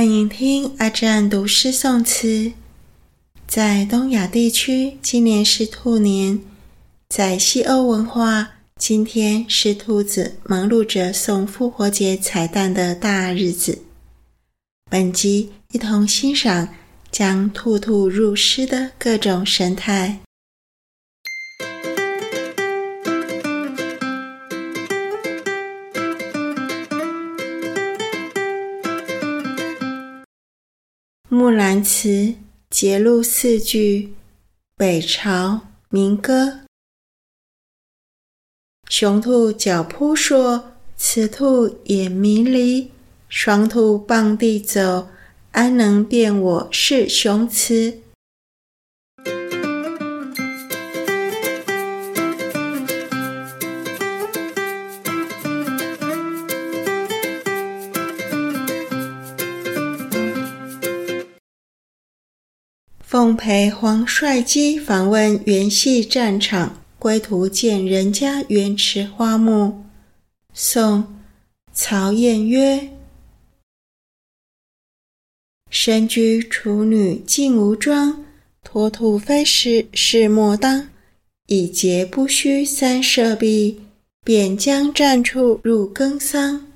歡迎聽阿占讀詩誦詞。在東亞地區，今年是兔年；在西歐文化，今天是兔子忙碌着送復活節彩蛋的大日子。本集一同欣賞將兔兔入詩的各種神態。《木蘭辭》節錄四句，北朝民歌。雄兔腳撲朔，雌兔眼迷離。雙兔傍地走，安能辨我是雄雌？奉陪黃帥機訪問元夕戰場，歸途見人家園池花木。宋·曹彥約。深居處女靜無妝，脫兔飛時勢莫當。已捷不須三舍避，便將戰處入耕桑。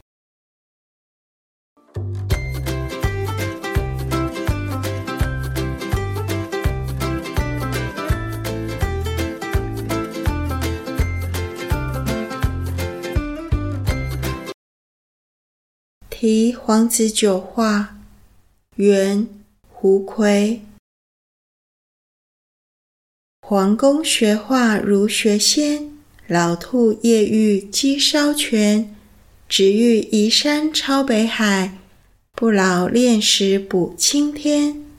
題黃子久畫，元胡奎。黃公學畫如學仙，老兔夜浴箕筲泉，直欲移山超北海，不勞煉石補青天。